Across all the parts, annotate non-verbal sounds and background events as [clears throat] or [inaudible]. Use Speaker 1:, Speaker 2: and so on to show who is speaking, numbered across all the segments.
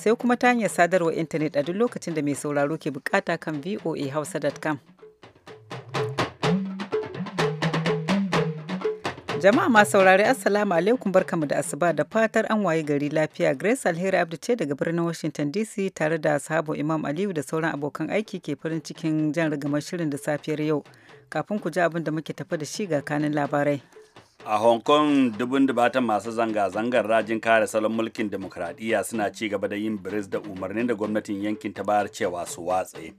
Speaker 1: sai kuma ta hanyar sadarwar intanet a duk lokacin da mai sauraro ke bukata kan voahausa.com. Jama'a ma saurari Assalamu alaikum barkamu da asuba da fatar an waye gari lafiya Grace Alheri Abdu ce daga birnin Washington DC tare da sahabo Imam Aliyu da sauran abokan aiki ke farin cikin jan rigamar shirin da safiyar yau. Kafin ku ji abin da muke tafi da shi ga kanin labarai.
Speaker 2: a hong kong dubun dubatan masu zanga-zangar rajin kare salon mulkin demokradiyya suna ci gaba da yin biris da umarnin da gwamnatin yankin ta bayar cewa su watse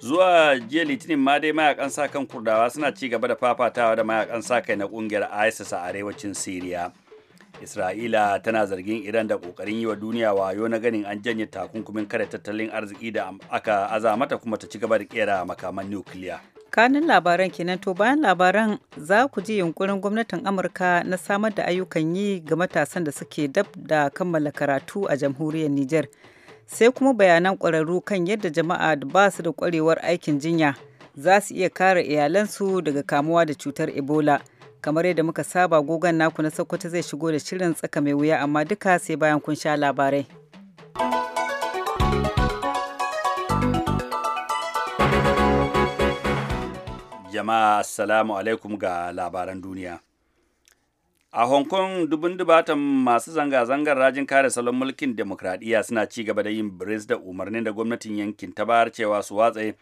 Speaker 2: zuwa jiya litinin ma dai mayakan sa kan kurdawa suna ci gaba da fafatawa da mayakan sa kai na kungiyar isis a arewacin syria isra'ila tana zargin iran da kokarin yi wa duniya wayo na ganin an janye takunkumin kare tattalin arziki da aka aza mata kuma ta ci gaba da kera makaman nukiliya
Speaker 1: kanin labaran kenan to bayan labaran za ku ji yunkurin gwamnatin amurka na samar da ayyukan yi ga matasan da suke dab da kammala karatu a jamhuriyar Nijar, sai kuma bayanan ƙwararru kan yadda jama'a da ba su da ƙwarewar aikin jinya za su iya kare iyalansu daga kamuwa da cutar ebola kamar yadda muka saba gogon naku na sokoto zai shigo da shirin tsaka mai wuya amma duka sai bayan kun sha labarai
Speaker 2: jama'a assalamu alaikum ga labaran duniya a hong kong dubin dubatan masu zanga-zangar rajin kare salon mulkin demokradiyya suna ci gaba da yin biris da umarnin da gwamnatin yankin ta bayar cewa su watse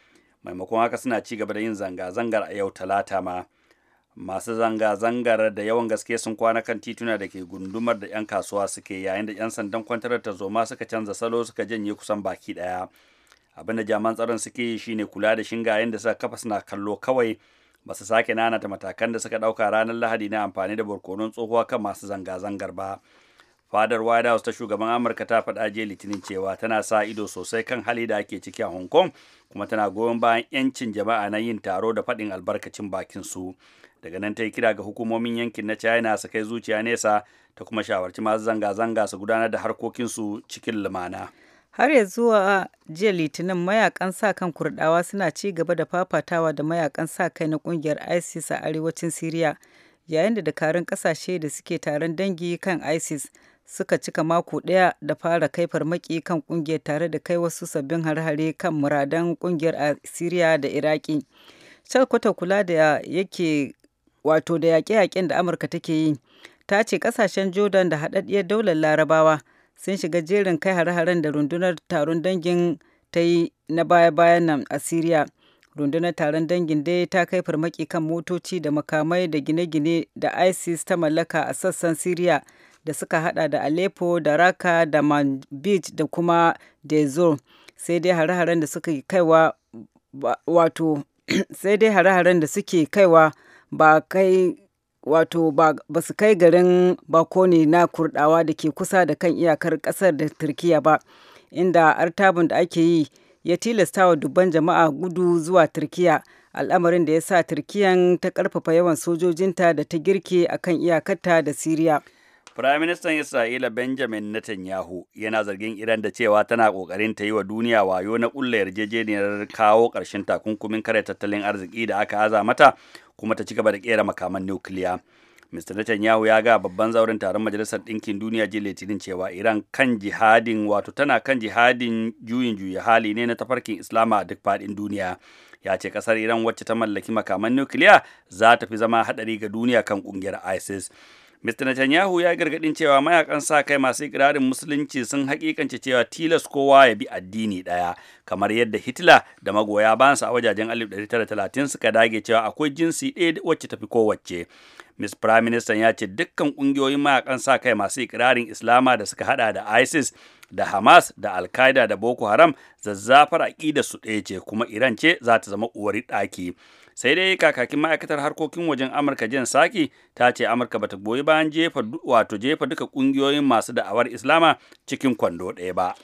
Speaker 2: maimakon haka suna ci gaba da yin zanga-zangar a yau talata ma masu zanga-zangar da yawan gaske sun kwana kan tituna da ke gundumar da 'yan kasuwa suke yayin da 'yan sandan kwantar ta zoma suka canza salo suka janye kusan baki ɗaya. abin da jaman tsaron suke yi shine kula da shingayen da suka kafa suna kallo kawai ba su sake nanata matakan da suka dauka ranar lahadi na amfani da barkonon tsohuwa kan masu zanga-zangar ba fadar white house ta shugaban amurka ta faɗa jiya litinin cewa tana sa ido sosai kan hali da ake ciki a hong kong kuma tana goyon bayan 'yancin jama'a na yin taro da faɗin albarkacin bakin su daga nan ta yi kira ga hukumomin yankin na china su kai zuciya nesa ta kuma shawarci masu zanga-zanga su gudanar da harkokinsu cikin lumana
Speaker 1: har ya zuwa jiya litinin mayakan sa kan kurdawa suna ci gaba da fafatawa da mayakan sa kai na kungiyar isis a arewacin syria yayin da dakarun kasashe da suke taron dangi kan isis suka cika mako daya da fara kai farmaki kan kungiyar tare da kai wasu sabbin harhare kan muradan kungiyar a syria da iraki kwata kula da yake wato da yaƙe-yaƙen da amurka take yi ta ce kasashen jordan da haɗaɗɗiyar daular larabawa sun shiga jerin kai hare-haren da rundunar taron dangin ta yi na baya-bayan nan a Siriya. Rundunar taron dangin dai ta kai farmaki kan motoci da makamai da gine-gine da ISIS ta mallaka a sassan Siriya da suka hada da Aleppo da Raqqa da Manbij da kuma Dezor. Sai dai hare-haren da suka kaiwa wato sai dai hare-haren da suke kaiwa ba [clears throat] kai wato ba su kai garin bakoni na kurdawa da ke kusa da kan iyakar kasar da turkiya ba inda artabun da ake yi ya tilasta wa dubban jama'a gudu zuwa turkiya al'amarin da ya sa turkiyan ta karfafa yawan sojojinta da ta girke a kan iyakarta da siriya
Speaker 2: Firaministan Isra'ila Benjamin Netanyahu yana zargin Iran da cewa tana kokarin ta yi wa duniya wayo na ƙulla yarjejeniyar kawo ƙarshen takunkumin kare tattalin arziki da aka aza mata kuma ta ci gaba da kera makaman nukiliya Mr. Netanyahu ya ga babban zauren taron Majalisar Ɗinkin Duniya jiya Litinin cewa Iran kan jihadin wato tana kan jihadin juyin juya hali ne na tafarkin Islama a duk faɗin duniya. Ya ce kasar Iran wacce ta mallaki makaman nukiliya za ta fi zama haɗari ga duniya kan ƙungiyar ISIS. Mr. Netanyahu ya gargadin cewa mayakan sa kai masu ikirarin musulunci sun hakikance cewa tilas kowa ya bi addini ɗaya, kamar yadda Hitler da magoya bansa a wajajen 1930 suka dage cewa akwai jinsi ɗaya wacce tafi kowacce," Ms. Prime Minister ya ce dukkan ƙungiyoyin mayakan sa kai masu ikirarin Islama da suka hada da ISIS da Hamas da al da Boko Haram zazzafar aƙidar su ɗaya ce kuma Iran ce za ta zama uwar ɗaki. sai dai kakakin ma'aikatar harkokin wajen amurka jan saki ta ce amurka bata goyi bayan jefa wato jefa duka kungiyoyin masu da'awar islama cikin kwando
Speaker 1: ɗaya ba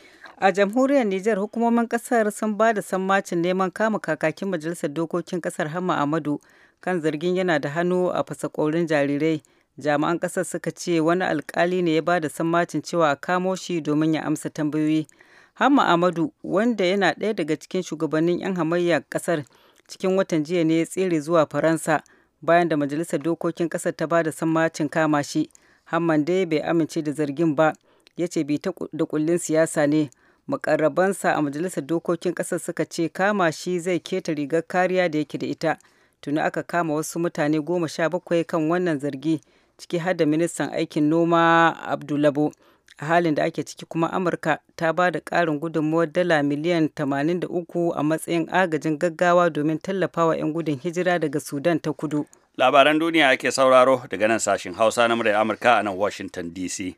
Speaker 1: a jamhuriyar nijar hukumomin kasar sun ba da sammacin neman kama kakakin majalisar dokokin kasar hama amadu kan zargin yana da hannu a fasakorin jarirai jami'an kasar suka ce wani alkali ne ya ba da sammacin cewa a kamo shi domin ya amsa tambayoyi hama amadu wanda yana ɗaya daga cikin shugabannin 'yan hamayyar kasar cikin watan jiya ne ya tsere zuwa faransa bayan da majalisar dokokin kasar ta ba da sammacin kama shi hamman dai bai amince da zargin ba ya ce bi ta da kullin siyasa ne makarrabansa a majalisar dokokin kasar suka ce kama shi zai keta rigar kariya da yake da ita tuni aka kama wasu mutane goma sha bakwai kan wannan zargi ciki har da ministan aikin noma abdulabo a halin da ake ciki kuma amurka ta ba da ƙarin gudunmuwar dala miliyan 83 a matsayin agajin gaggawa domin tallafawa 'yan gudun hijira daga sudan ta kudu
Speaker 2: labaran duniya ake sauraro daga nan sashen hausa na muryar amurka a nan washington dc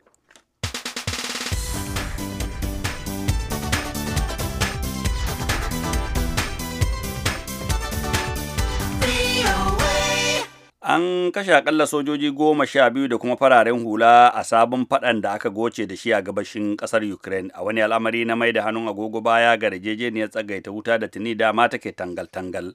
Speaker 2: an kashe akalla sojoji goma sha biyu da kuma fararen hula a sabon fadan da aka goce da shi a gabashin kasar ukraine a wani al'amari na mai da hannun agogo baya ga yarjejeniyar tsagaita wuta da tuni dama take tangal-tangal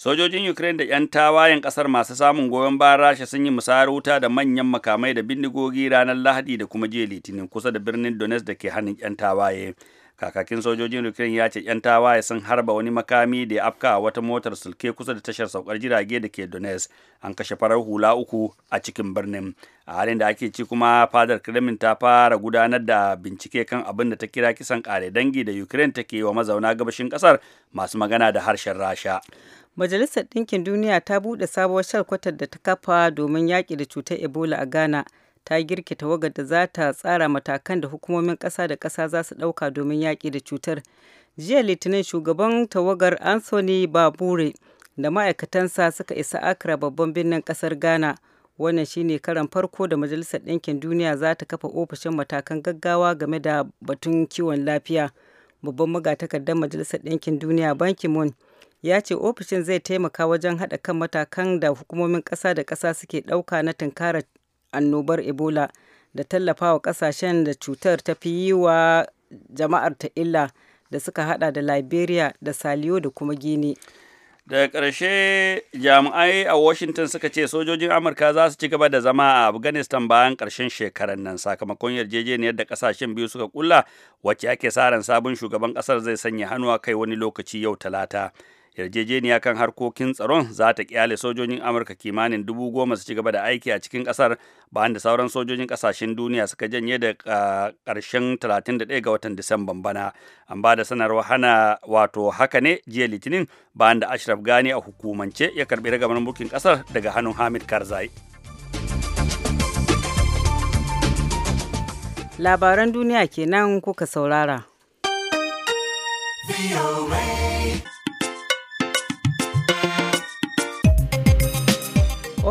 Speaker 2: sojojin ukraine da 'yan tawayen kasar masu samun goyon bayan rasha sun yi musayar wuta da manyan makamai da bindigogi ranar lahadi da kuma jiya litinin kusa da birnin donetsk da ke hannun 'yan tawaye kakakin sojojin ukraine ya ce 'yan tawaye sun harba wani makami da ya afka a wata motar sulke kusa da tashar saukar jirage da ke donetsk an kashe farar hula uku a cikin birnin a halin da ake ci kuma fadar kremlin ta fara gudanar da bincike kan abin da ta kira kisan kare dangi da ukraine take wa mazauna gabashin kasar masu magana da harshen
Speaker 1: rasha majalisar ɗinkin duniya ta buɗe sabuwar shalkwatar da ta kafa domin yaƙi da cutar ebola a ghana ta girke tawagar da za ta tsara matakan da hukumomin ƙasa da ƙasa za su ɗauka domin yaƙi da cutar. Jiya Litinin shugaban tawagar Anthony Babure da ma'aikatansa suka isa Accra babban birnin ƙasar Ghana. Wannan shi ne karan farko da Majalisar Ɗinkin Duniya za ta kafa ofishin matakan gaggawa game da batun kiwon lafiya. Babban magatakardar Majalisar Ɗinkin Duniya Banki Moon ya ce ofishin zai taimaka wajen haɗa kan matakan da hukumomin ƙasa da ƙasa suke ɗauka na tunkarar annobar Ebola da tallafawa kasashen da cutar ta fi yi wa jama'ar ta illa da suka hada da Liberia da Saliyo da kuma gini.
Speaker 2: daga ƙarshe jami'ai a washington suka ce sojojin amurka za su ci gaba da zama a afghanistan bayan ƙarshen shekarar nan sakamakon yarjejeniyar da ƙasashen biyu suka kulla wacce ake sa ran sabon shugaban ƙasar zai sanya hannu a kai wani lokaci yau talata yarjejeniya kan harkokin tsaron za ta kyale sojojin amurka kimanin dubu goma su ci gaba da aiki a cikin kasar bayan da sauran sojojin kasashen duniya suka janye da karshen 31 ga watan disamban bana an ba da sanarwa hana wato haka ne jiya litinin bayan da ashraf gani a hukumance ya karbi ragamar mulkin kasar daga hannun hamid karzai
Speaker 1: labaran duniya kenan kuka saurara.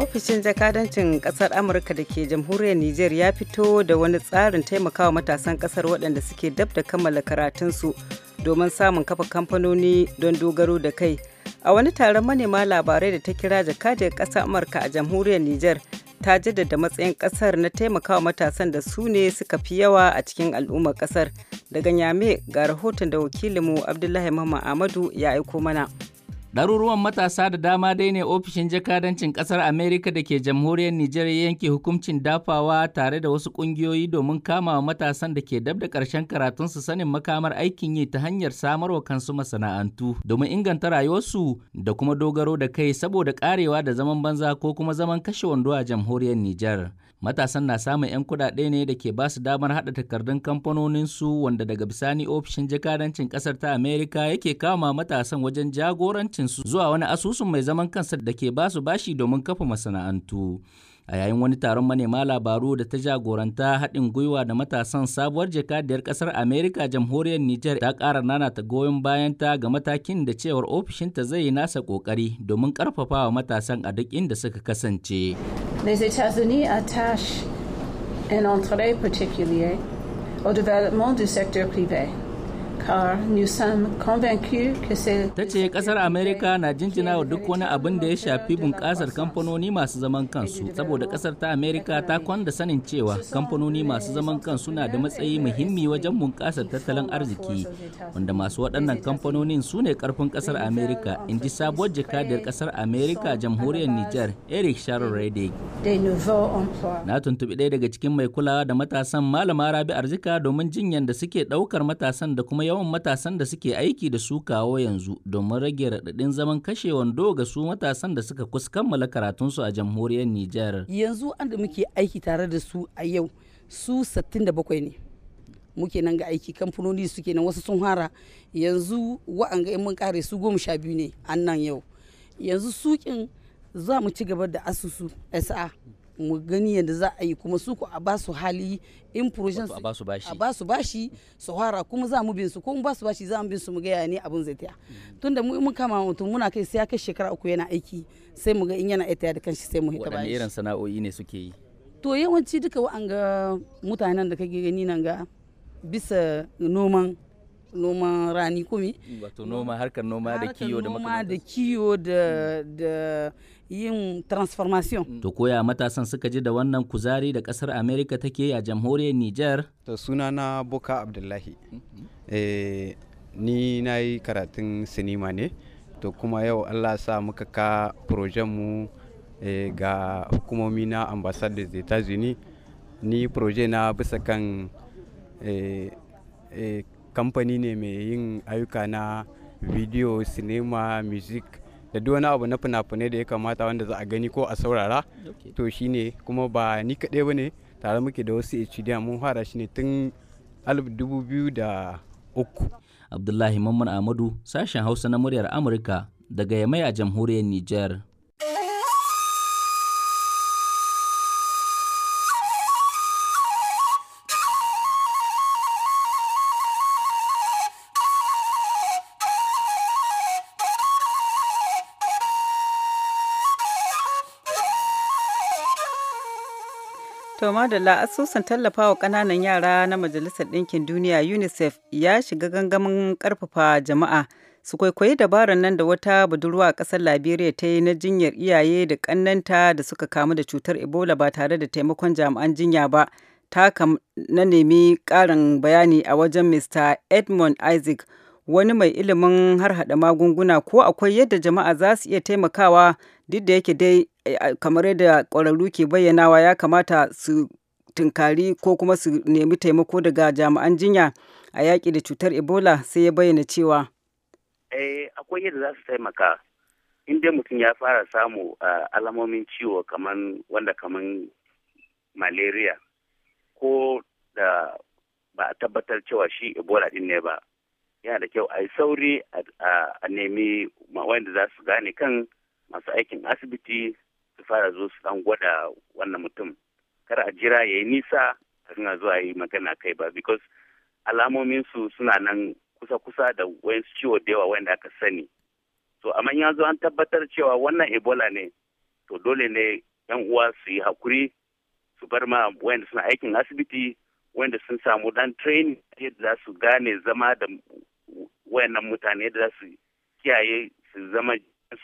Speaker 1: ofishin jakadancin kasar amurka da ke jamhuriyar niger ya fito da wani tsarin taimakawa matasan kasar waɗanda suke dab da kammala karatunsu domin samun kafa kamfanoni don dogaro da kai a wani taron manema labarai da ta kira jakadiyar kasa amurka a jamhuriyar niger ta jaddada matsayin kasar na taimakawa matasan da su ne suka fi yawa a cikin al'ummar kasar daga nyame ga rahoton da wakilinmu abdullahi mama amadu ya aiko mana.
Speaker 3: Ɗaruruwan matasa da dama dai ne ofishin jakadancin ƙasar Amerika da ke jamhuriyar Nijar ya yanke hukuncin dafawa tare da wasu ƙungiyoyi domin kama matasan da ke dab da karatun su sanin makamar aikin yi ta hanyar samarwa kansu masana'antu domin inganta rayuwarsu da kuma dogaro da kai saboda ƙarewa da zaman banza ko kuma zaman kashe wando a jamhuriyar Nijar. Matasan na samun 'yan kuɗaɗe ne da ke ba su damar haɗa takardun kamfanoninsu wanda daga bisani ofishin jakadancin ƙasar ta Amerika yake kama matasan wajen jagorancin su zuwa wani asusun mai zaman kansa da ke basu bashi domin kafa masana'antu. a yayin wani taron manema labaru da ta jagoranta haɗin gwiwa da matasan sabuwar jakadiyar ƙasar amerika jamhuriyar niger ta ƙara ta goyon bayan ta ga matakin da cewar ofishinta zai yi nasa ƙoƙari domin wa matasan a duk inda suka kasance
Speaker 1: Les États-Unis attachent un intérêt particulier au développement du secteur privé. car nous sommes que c'est
Speaker 3: ta ce kasar america na jinjina wa duk wani abin da ya shafi bunƙasar kamfanoni masu zaman kansu saboda kasar ta america ta kwanda sanin cewa kamfanoni masu zaman kansu na da matsayi muhimmi wajen bunƙasar tattalin arziki wanda masu waɗannan kamfanonin su ne karfin kasar america in ji sabuwar jakadiyar kasar america jamhuriyar niger eric sharon redig na tuntuɓi ɗaya daga cikin mai kulawa da matasan malama rabi arzika domin jinyar da suke ɗaukar matasan da kuma yawan matasan da suke aiki da su kawo yanzu domin rage raɗaɗin zaman kashewan wando su matasan da suka kus kammala karatunsu a jamhuriyar Nijar.
Speaker 1: Yanzu an da muke aiki tare da su a yau su 67 ne. muke nan ga aiki kamfanoni suke nan wasu sun hara yanzu wa'anga in mun kare su goma sha biyu ne a nan yau yanzu sukin za mu ci gaba da asusu sa mu gani yadda za a yi kuma su ku a ba su hali in projen a ba su bashi a ba su bashi su fara kuma za mu bin su ko mu ba su bashi za mu bin su mu gaya ne abin zai taya mm. tunda mu mun kama mutum muna kai sai ya kai shekara uku yana aiki sai mu ga in yana aita da kanshi sai mu hita bashi wadanne irin
Speaker 3: sana'o'i ne suke yi
Speaker 1: to yawanci duka wa'anga mutanen da kake gani nan ga bisa noman noman rani kumi
Speaker 3: wato noma harkar noma da kiyo da noma
Speaker 1: da kiyo da mm. da yin transformation mm.
Speaker 3: to koya matasan suka ji da wannan kuzari da kasar america take a jamhuriyar nijar. to suna na boka abdullahi
Speaker 4: mm, eh, ni na yi karatun sinima ne to kuma yau allah sa muka ka mu eh, ga hukumomi na ambassador da ta ni proje na bisa kan eh, kamfani ne mai yin ayyuka na bidiyo sinema music da duk wani abu na fina-finai da ya kamata wanda za a gani ko a saurara to shine kuma ba ni kaɗai ba ne tare muke da wasu hd mun fara shi ne tun 2003
Speaker 3: abdullahi mamman ahmadu sashen hausa na muryar amurka daga yamai a jamhuriyar Nijar.
Speaker 1: To madalla asusun tallafawa kananan yara na Majalisar Ɗinkin Duniya UNICEF ya shiga gangamin karfafa jama'a su kwaikwayi dabarar nan da wata budurwa a ƙasar Liberia ta yi na jinyar iyaye da ƙannanta da suka kamu da cutar Ebola ba tare da taimakon jami'an jinya ba. Ta na nemi ƙarin bayani a wajen Mr. Edmund Isaac wani mai ilimin har harhaɗa magunguna ko akwai yadda jama'a za su iya taimakawa duk da yake dai kamar yadda ƙwararru ke bayyanawa ya kamata su tunkari ko kuma su nemi taimako daga jami'an jinya a yaƙi da cutar ebola sai ya bayyana cewa
Speaker 5: eh akwai yadda za su taimaka in dai mutum ya fara samu alamomin ciwo kamar wanda kamar malaria ko da ba a tabbatar cewa shi ebola din ne ba yana da kyau a yi sauri a nemi wanda za su gane kan masu aikin asibiti su fara zo su dan gwada wannan mutum kar a jira ya yi nisa kafin a zo a yi magana kai ba because alamomin su suna nan kusa-kusa da wayansu ciwo da yawa wanda aka sani so amma ya zo an tabbatar cewa wannan ebola ne to dole ne yan uwa su yi hakuri su bar ma wayanda suna aikin asibiti wayanda sun samu dan training yadda za su gane zama da wayannan mutane yadda za su kiyaye su zama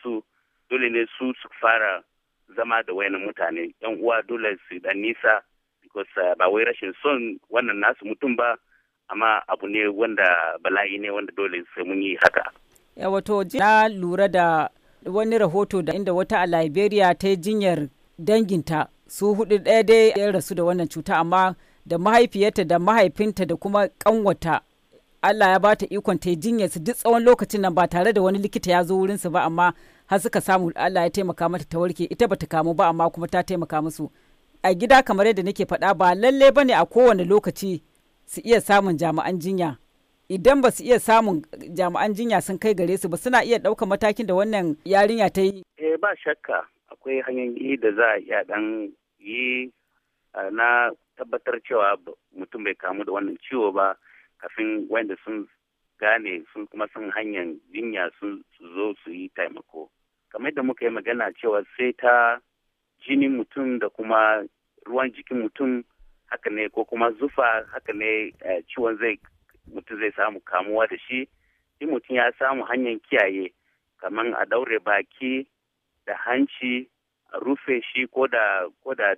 Speaker 5: su dole ne su su fara zama da wayannan mutane yan uwa dole su dan nisa because uh, ba wai rashin son wannan nasu mutum ba amma abu ne wanda bala'i ne wanda dole sai mun yi haka
Speaker 1: wato na lura da wani rahoto da inda wata a liberia ta yi jinyar danginta su hudu ɗaya dai ya rasu da wannan cuta amma da mahaifiyarta da mahaifinta da kuma kanwata Allah ya ba ta ikon ta jinyar su duk tsawon lokacin nan ba tare da wani likita ya zo wurinsu ba amma har suka samu Allah ya taimaka mata ta warke ita bata kamu ba amma kuma ta taimaka musu a gida kamar yadda nake faɗa ba lalle bane a kowane lokaci su iya samun jami'an jinya idan ba su iya samun jami'an jinya sun kai gare su ba suna iya ɗaukar matakin da wannan yarinya ta yi.
Speaker 5: Eh ba shakka akwai hanyoyi da za a iya dan yi na tabbatar cewa mutum bai kamu da wannan ciwo ba kafin wanda sun gane sun kuma sun hanyar jinya sun zo su yi taimako. kamar da muka yi magana cewa sai ta jini mutum da kuma ruwan jikin mutum haka ne ko kuma zufa haka ne eh, ciwon zai mutum zai samu kamuwa da shi in mutum ya samu hanyar kiyaye kamar a daure baki da hanci a rufe shi ko da ko da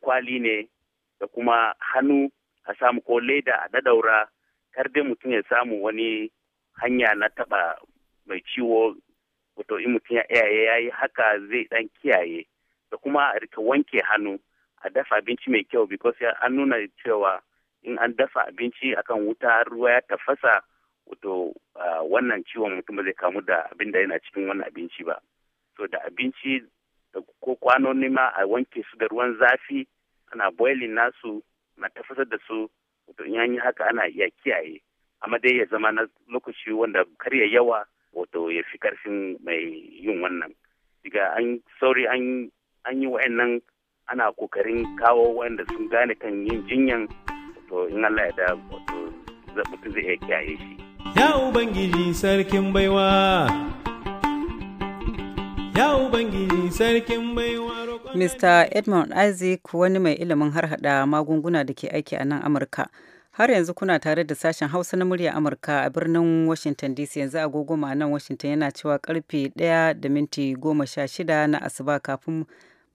Speaker 5: kwali ne da kuma hannu a samu ko leda a daɗaura kar dai mutum ya samu wani hanya na taɓa mai ciwo wato in mutum ya iyaye ya yi haka zai dan kiyaye da kuma a rika wanke hannu a dafa abinci mai kyau because an nuna cewa in an dafa abinci akan wuta ruwa ya tafasa wato wannan ciwon mutum zai kamu da abin da yana cikin wannan abinci ba To da abinci da ko kwanoni ma a wanke su da ruwan zafi ana boiling nasu na tafasar da su wato in yi haka ana iya kiyaye amma dai ya zama na lokaci wanda kar yawa wato ya fi karfin mai yin wannan diga an sauri an yi wa'annan ana kokarin kawo wa'anda sun gane kan yin jinyan wato in Allah ya da wato zaɓutu zai iya kiyaye shi
Speaker 1: ya ubangiji sarkin baiwa ya ubangiji sarkin baiwa Mr. Edmund Isaac wani mai ilimin harhaɗa magunguna da ke aiki a nan Amurka. Har yanzu kuna tare da sashen Hausa na murya Amurka a birnin Washington DC yanzu agogo nan Washington yana cewa karfe 1 da minti 16 na asuba kafin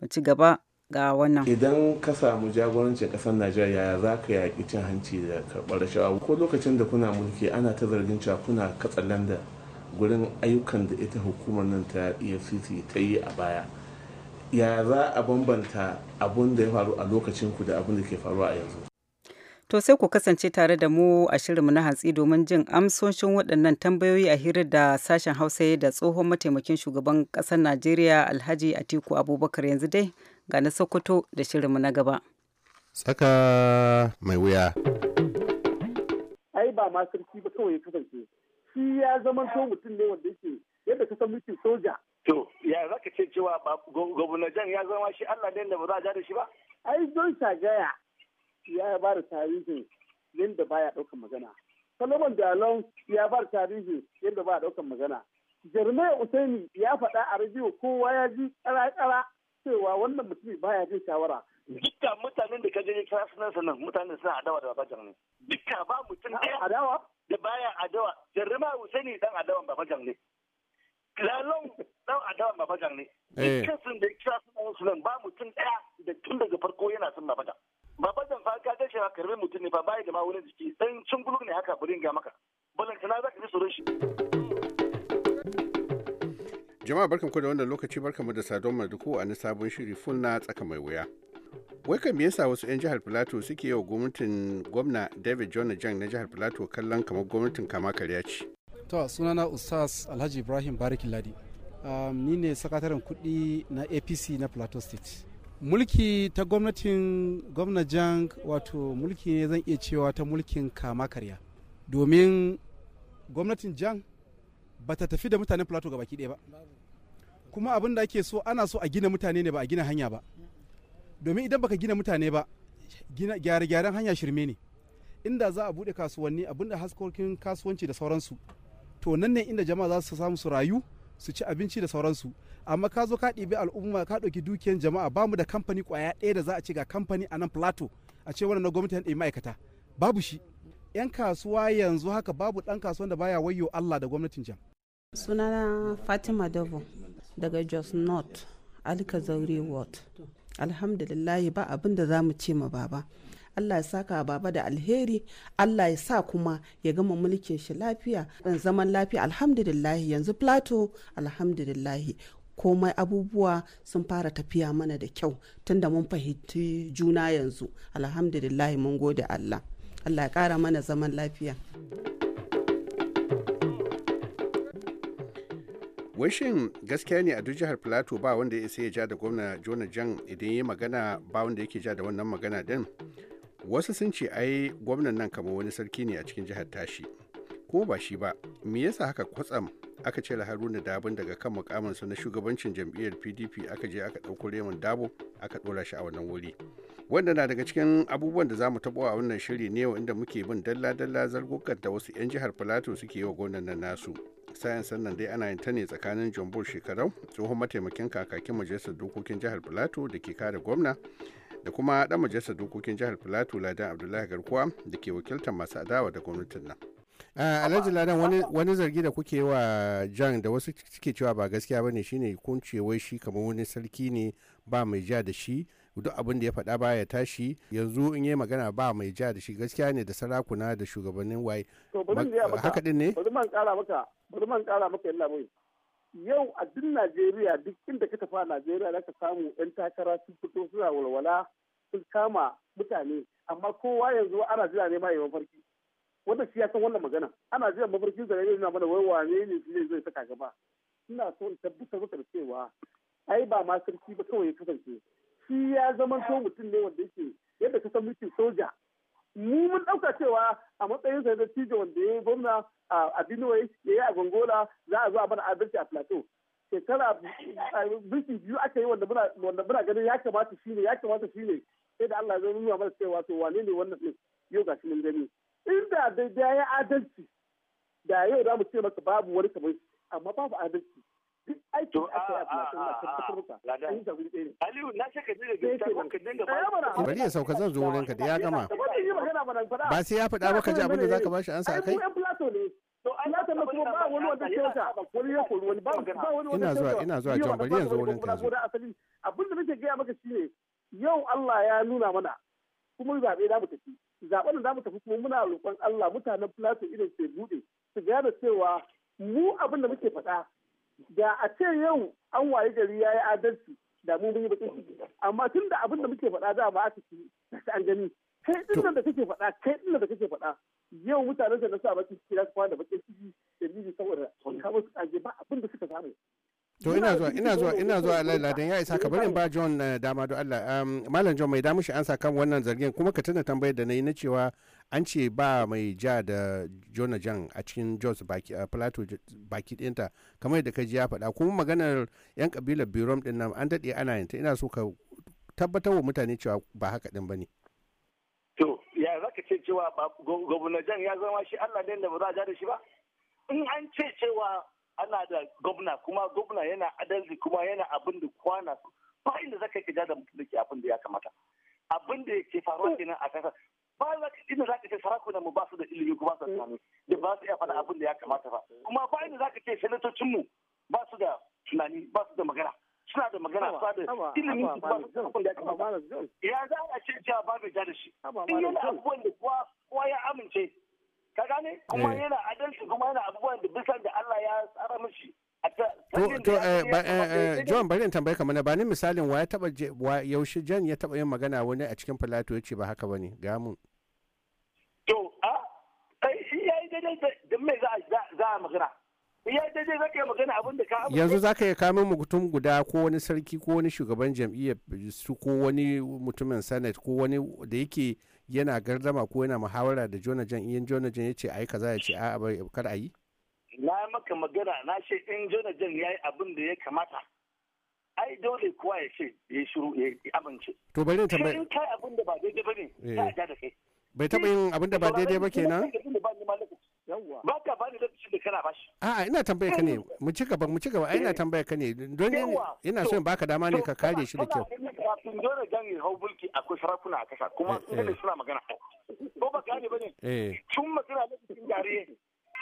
Speaker 1: mu ci gaba ga wannan.
Speaker 4: Idan ka samu jagorancin kasar Najeriya za ka yaƙi cin hanci da karɓar rashawa ko lokacin da kuna mulki ana ta zargin cewa kuna katsalanda gurin ayyukan da ita hukumar nan ta EFCC ta yi a baya. Ya za a bambanta abun da ya faru a lokacin ku da abun da ke faruwa a yanzu?
Speaker 1: To sai ku kasance tare da mu a shirinmu na hantsi domin jin amsoshin waɗannan tambayoyi a hirar da sashen Hausa da tsohon mataimakin shugaban ƙasar Najeriya Alhaji Atiku Abubakar yanzu dai ga na Sokoto da shirinmu na gaba.
Speaker 6: Tsaka mai wuya.
Speaker 7: Ai ba ma sarki ba kawai ya kasance. Shi ya zama so mutum ne wanda yake yadda ka san mulkin soja. To ya za ka ce cewa gwamnajan ya zama shi Allah ne da ba za a ja da shi ba? Ai don shagaya ya ba da tarihin yadda ba ya ɗaukan magana. Solomon Dalon ya ba da tarihin yadda ba ya ɗaukan magana. Jarmai Usaini ya faɗa a rajiyo kowa ya ji tsara-tsara cewa wannan mutum ya jin shawara. Dukkan mutanen da ka gani kira sunan sanan mutanen suna adawa da babajan ne. Dukka ba mutum ɗaya. Adawa? Da baya adawa. Jarmai Usaini dan adawan babajan ne. Lalon ɗan adawan babajan ne. Eh. Dukkan sun da kira sunan sunan ba mutum ɗaya da tun daga farko yana sun babajan. babban zan fa ka gashi ka karbi mutum ne ba bai da ma wani jiki dan cin ne haka burin ga maka kana na zaka ji tsoron shi
Speaker 6: jama'a barkanku ku da wannan lokaci barkan mu da sadon maduku a na sabon shiri funna tsaka mai wuya wai kan yasa wasu 'yan jihar filato suke yi wa gwamnatin gwamna david john jang na jihar filato kallon kamar gwamnatin kama karya ce
Speaker 4: to sunana ustaz alhaji ibrahim barikin ladi ni ne sakataren kudi na apc na plateau state mulki ta gwamnatin gwamna jang wato mulki ne zan iya cewa ta mulkin kama karya domin gwamnatin jang ba ta tafi da mutanen plateau baki ɗaya ba kuma abin da ake so ana so a gina mutane ne ba a gina hanya ba domin idan baka gina mutane ba gyare-gyaren hanya shirme ne inda za a buɗe kasuwanni abinda haskokin kasuwanci da sauransu to nan ne inda jama'a za su samu su rayu su ci abinci da sauransu amma ka zo ka ɗibi al'umma ka ɗauki dukiyan jama'a ba mu da kamfani kwaya ɗaya da za a ce ga kamfani a nan plateau a ce wannan na gwamnati ɗin ma'aikata babu shi 'yan kasuwa yanzu haka babu ɗan kasuwan da baya wayo Allah da gwamnatin jam.
Speaker 1: sunana fatima davo daga jos north alka zaure ward alhamdulillah ba abin da za mu ce ma baba Allah ya saka baba da alheri Allah ya sa kuma ya gama mulkin shi lafiya zaman lafiya alhamdulillahi yanzu plato alhamdulillahi komai abubuwa sun fara tafiya mana da kyau tunda mun fahimci juna yanzu alhamdulillahi mun gode Allah Allah ya kara mana zaman lafiya
Speaker 6: shin gaskiya ne a duk jihar plateau ba wanda ya isa ya ja da gwamna jona jan idan ya magana ba wanda yake ja da wannan magana din wasu sun ce ai gwamnan nan kamar wani sarki ne a cikin jihar tashi kuma ba shi ba me yasa haka kwatsam aka ce haruna dabin daga kan mukaminsa na shugabancin jam'iyyar pdp aka je aka ɗauko remin dabo aka ɗora shi a wannan wuri wanda na daga cikin abubuwan da za mu taɓo a wannan shiri ne inda muke bin dalla-dalla zargukan da wasu 'yan jihar plateau suke yi wa gwamnan nan nasu sayan sannan dai ana yin ta ne tsakanin john bull shekarau tsohon mataimakin kakakin majalisar dokokin jihar plateau da ke kare gwamna da kuma dan majalisar dokokin jihar Filato Ladan Abdullahi Garkuwa da ke wakiltar masu adawa da gwamnatin nan. Alhaji Ladan wani zargi da kuke wa Jan da wasu suke cewa ba gaskiya bane shine kun ce wai shi kamar wani sarki ne ba mai ja da shi duk abin da ya faɗa baya tashi yanzu in yi magana ba mai ja da shi gaskiya ne da sarakuna da shugabannin waye haka din ne bari
Speaker 7: man kara maka bari man kara maka illa bai yau a duk najeriya duk inda ka tafi a najeriya za ka samu 'yan takara sun fito suna walwala sun kama mutane amma kowa yanzu ana jira ne ma yi mafarki wanda shi ya san wannan magana ana jira mafarki da ne na mana wai wane ne shi zai zai saka gaba ina so in tabbatar maka da cewa ai ba ma sarki ba kawai ya kasance shi ya zama so mutum ne wanda yake yadda ka san mutum soja mu mun ɗauka cewa a matsayin sa da cijo wanda ya gwamna a Benue ya yi a Gongola za a zo a bar adalci a Plateau shekara bishi biyu aka yi wanda muna ganin ya kamata shi ne ya kamata shi ne sai da Allah zai nuna mana cewa to wane ne wannan ne yau shi mun gani inda da ya adalci da yau za mu ce maka babu wani kamar amma babu adalci bari ya
Speaker 6: sauka zan zo wurin ka da ya gama
Speaker 7: ba sai ya faɗa ba ji abin da zaka bashi ansa ina zuwa ina yanzu wurin ka nake gaya maka shine yau Allah ya nuna mana kuma zaɓe za mu tafi zaɓen da za mu tafi kuma muna roƙon Allah mutanen Plateau irin buɗe su gane cewa mu abin da muke faɗa da a ce yau an waye gari ya yi adalci da mu mun yi bakin ciki amma tun da abin da muke faɗa da ba aka ci da an gani kai din da kake faɗa kai din da kake faɗa yau mutanen da na sa bakin ciki za kuma da bakin ciki da miji saboda ka su kaje ba abin da suka samu
Speaker 6: to ina zuwa ina zuwa ina zuwa dan ya isa ka bari ba John eh, dama don Allah um, malam John mai damu shi an sa kan wannan zargin kuma ka tuna tambayar da nayi na cewa an ce ba mai ja da jonah jan a cikin jos baki a plato baki dinta kamar da ka ji ya faɗa kuma maganar yan kabilar birom din nan an daɗe ana yanta ina so ka tabbatar wa mutane cewa ba haka din ba ne.
Speaker 7: to ya za ka ce cewa gwamna jan ya zama shi allah ne da ba za a ja da shi ba in an ce cewa ana da gwamna kuma gwamna yana adalci kuma yana abin da kwana ba inda za ka ja da mutum da ke abin da ya kamata abin da ke faruwa kenan a kasa ba za ka inda za ka ce sarakunan mu ba su da ilimi kuma su tunani da ba su iya faɗa abin da ya kamata ba kuma ba inda za ka ce sanatocin mu ba su da tunani ba su da magana suna da magana suna da ilimin ba su da abin da ya kamata ya za a ce cewa ba mai da shi in yana abubuwan da kowa ya amince ka gane kuma eh. yana Eh, eh, eh, john
Speaker 6: bari in tambaye kamar ba bani misalin wa ya taba yaushe jan ya taba yin magana wani a cikin filato ya ce ba haka bane ga mu to
Speaker 7: a kai shi yayi daidai da me za za a magana ya daidai za ka yi magana abin da ka yanzu za
Speaker 6: ka yi kamin mutum guda ko wani sarki ko wani shugaban jam'iyyar su ko wani mutumin senate ko wani da yake yana gardama ko yana muhawara da jonajan iyan jonajan ya ce a yi kaza ya ce a'a bai kar a yi
Speaker 7: na maka magana na ce in jan ya yi abin da ya kamata ai dole kuwa ya ce ya shiru ya amince
Speaker 6: to bari ta bai
Speaker 7: kai abin da ba daidai ba ne. ta eh. da kai
Speaker 6: bai taba yin abin da ba daidai ba kenan
Speaker 7: ba ka bani lokacin da kana bashi
Speaker 6: a'a ina tambaya ka ne eh. mu ci gaba mu ci gaba a' ina eh. tambaya ka ne don ina so in baka dama ne ka kare shi da kyau
Speaker 7: kafin dole gan ya hau mulki akwai sarakuna a kasa kuma suna magana ko ba gane ne. sun magana lokacin jariye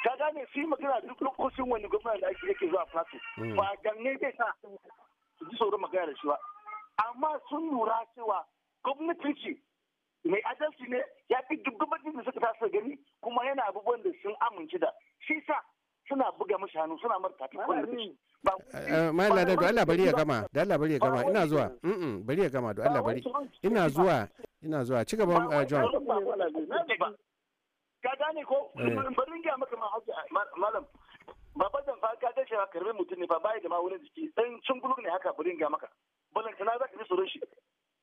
Speaker 7: ka gane su yi magana duk lokacin wani gwamnati da ake yake zuwa plateau hmm. ba ganne zai sa su ji tsoron magana da shi ba amma sun lura cewa gwamnatin ce mai adalci ne ya fi dubbatin da suka tasa gani kuma yana abubuwan da sun amince da shi sa suna buga mashi hannu suna marka ta kwanar da shi.
Speaker 6: Mai da Allah bari ya gama, da Allah bari ya gama, ina zuwa, bari ya gama da Allah bari, ina zuwa, ina zuwa, ci gaba eh, John.
Speaker 7: ka gane ko eh. bari ga maka eh, malam baba zan fa ka gashi ka karbi mutum ne ba bai da ma wani jiki dan cungulu ne haka bari ga maka balanta za ka ji tsoron shi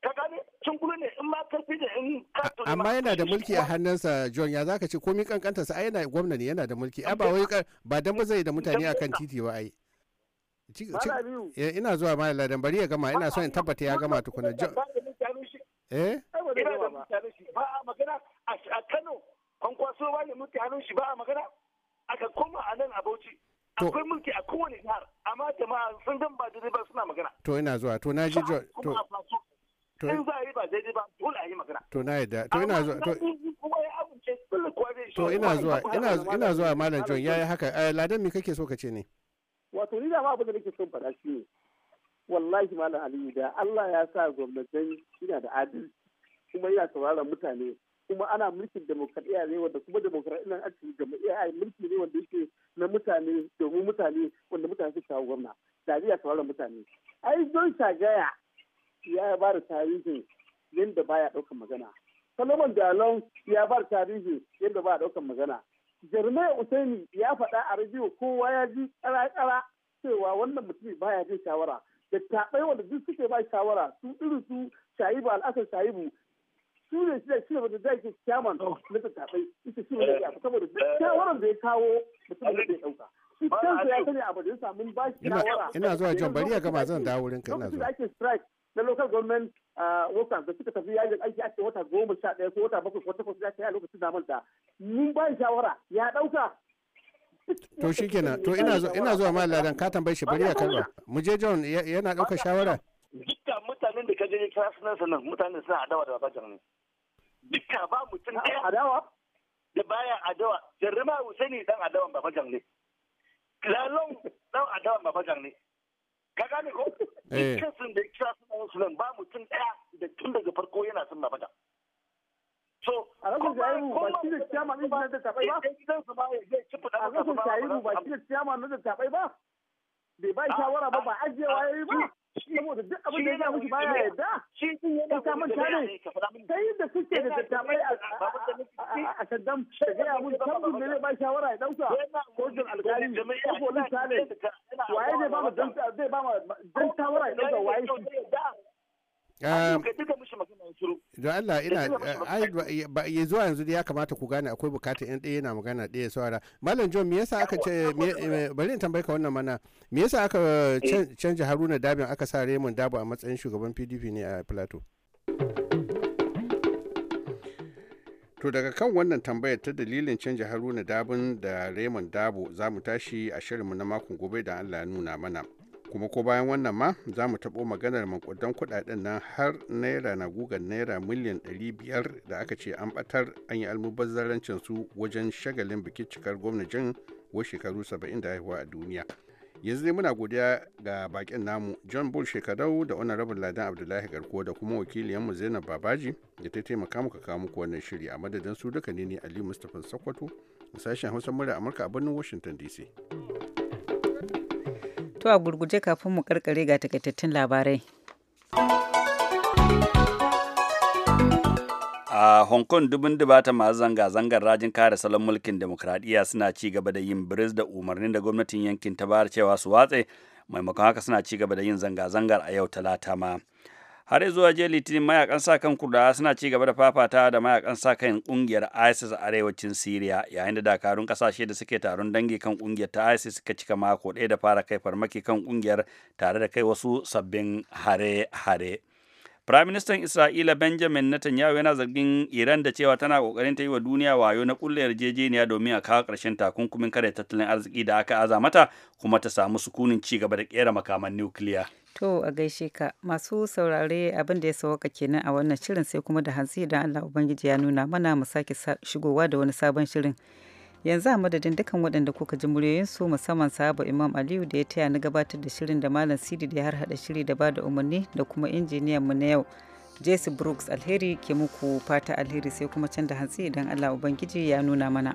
Speaker 7: ka gane cungulu ne in ma karfi da in ka
Speaker 6: amma yana da mulki a hannunsa John ya zaka ce komai kankanta sa ai yana gwamna ne yana da mulki a ba wai ba dan ba zai da mutane akan titi ba ai eh, ina zuwa malam ladan bari ya gama ina son in tabbata ya gama tukuna eh to ina zuwa to na ji to to in za
Speaker 7: a yi ba daidai ba dole a yi magana
Speaker 6: to na yadda to ina zuwa to
Speaker 7: to ina zuwa ina zuwa malam John yayi
Speaker 6: haka eh, ladan me kake so ka ce ne
Speaker 7: wato ni da ma abin da nake son fada shi ne wallahi malam Aliyu da Allah ya sa gwamnatin yana da adalci kuma yana sauraron mutane kuma ana mulkin demokradiyya ne wanda kuma demokradiyya nan ake jama'iyya mulki ne wanda yake na mutane domin mutane wanda mutane su kawo gwamna da ya sauraron mutane ai don shagaya ya ba da tarihin yadda ba ya ɗaukan magana solomon dalon ya ba da tarihin yadda ba ya ɗaukan magana jarmai usaini ya faɗa a rajiyo kowa ya ji ƙara-ƙara cewa wannan mutum ya jin shawara da taɓai wanda duk suke ba shawara su irin su sha'ibu al'asar sha'ibu su ne shi da shi da zai ke kyaman na taɓai ita shi ne ya saboda duk shawarar da ya kawo mutum da ya ɗauka ina zuwa jan bari ya gama zan
Speaker 6: dawo wurin kai ina zuwa
Speaker 7: ake strike na local government uh, workers da suka tafi yajin aiki a cikin wata goma sha daya ko wata bakwai ko takwas ya kai a lokacin da manta mun ba shawara ya dauka to shikenan to ina zuwa ina zuwa
Speaker 6: mallan ladan ka tambaye shi bari ya karba mu je john yana dauka shawara
Speaker 7: dukkan mutanen da ka je kira sunan sanan mutanen suna adawa da babajan ne dukka ba mutum ɗaya adawa da baya adawa jarrima husaini dan adawan babajan ne lalon dan adawa babajan ne ka gane ko eh. kansu da kira suna yin sunan ba mutum daya da tun daga farko yana son babajan so a rashin jairu ba shi da ciyaman ɗin da tabai ba a rashin jairu ba shi da ciyaman ɗin da tabai ba bai ba ah, shawara ba ba ah, ajiye waye ah, ba saboda duk abin da ya mushi baya yadda shi yana ta manta ne ta yadda suke da dattabai a saddam da gaya mun tambun da zai ba shawara ya dauka kotun alƙali ko polisa ne waye zai ba mu dan shawara ya dauka waye shi
Speaker 6: don Allah ina ai zuwa yanzu ya kamata ku gane akwai bukatar yan ɗaya na magana ɗaya saura malam john me yasa aka ce bari in tambaye ka wannan mana me yasa aka eh. canja haruna dabin aka sa raymond dabo a matsayin shugaban pdp ne a plateau To daga kan wannan tambayar ta dalilin canja Haruna Dabin da Raymond Dabo za mu tashi a shirinmu na makon gobe da Allah ya nuna mana. kuma ko bayan wannan ma za mu taɓo maganar makudan kudaden nan har naira na gugan naira miliyan 500 da aka ce an ɓatar an yi almubazzarancin su wajen shagalin bikin cikar gwamnatin wa shekaru 70 da haihuwa a duniya yanzu dai muna godiya ga bakin namu john bull shekarau da rabin ladan abdullahi garko da kuma wakiliyanmu zainab babaji da ta taimaka muka kawo muku wannan shiri a madadin su duka ne ne ali mustapha sokoto
Speaker 1: sashen hausa murya
Speaker 6: amurka a birnin washington dc
Speaker 1: To a gurguje kafin mu karkare ga takaitattun labarai.
Speaker 2: a hong kong dubin dubata masu zanga-zangar rajin kare salon mulkin demokradiyya suna ci gaba da yin biris da umarnin da gwamnatin yankin ta bayar cewa su watse maimakon haka suna ci gaba da yin zanga-zangar a yau talata ma har zuwa jiya litinin mayakan sa kan kurdawa suna ci gaba da fafata da mayakan sa kan kungiyar isis a arewacin syria yayin da dakarun kasashe da suke taron dangi kan kungiyar ta isis suka cika mako ɗaya da fara kai farmaki kan kungiyar tare da kai wasu sabbin hare-hare minister Isra'ila Benjamin Netanyahu yana zargin Iran da cewa tana kokarin ta yi wa duniya wayo na kulle yarjejeniya domin a kawo ƙarshen takunkumin kare tattalin arziki da aka aza mata kuma ta samu sukunin ci gaba da kera makaman nukiliya.
Speaker 1: To a gaishe ka masu saurare abin da ya sauka kenan a wannan shirin sai kuma da hantsi da Allah Ubangiji ya nuna mana mu sake shigowa da wani sabon shirin. Yanzu a madadin dukkan waɗanda kuka ji muryoyinsu musamman sahaba Imam Aliyu da ya taya na gabatar da shirin da Malam Sidi da ya harhaɗa shiri da bada umarni da kuma injiniyan mu na yau. Jesse Brooks alheri ke muku fata alheri sai kuma can da hantsi idan Allah Ubangiji ya nuna mana.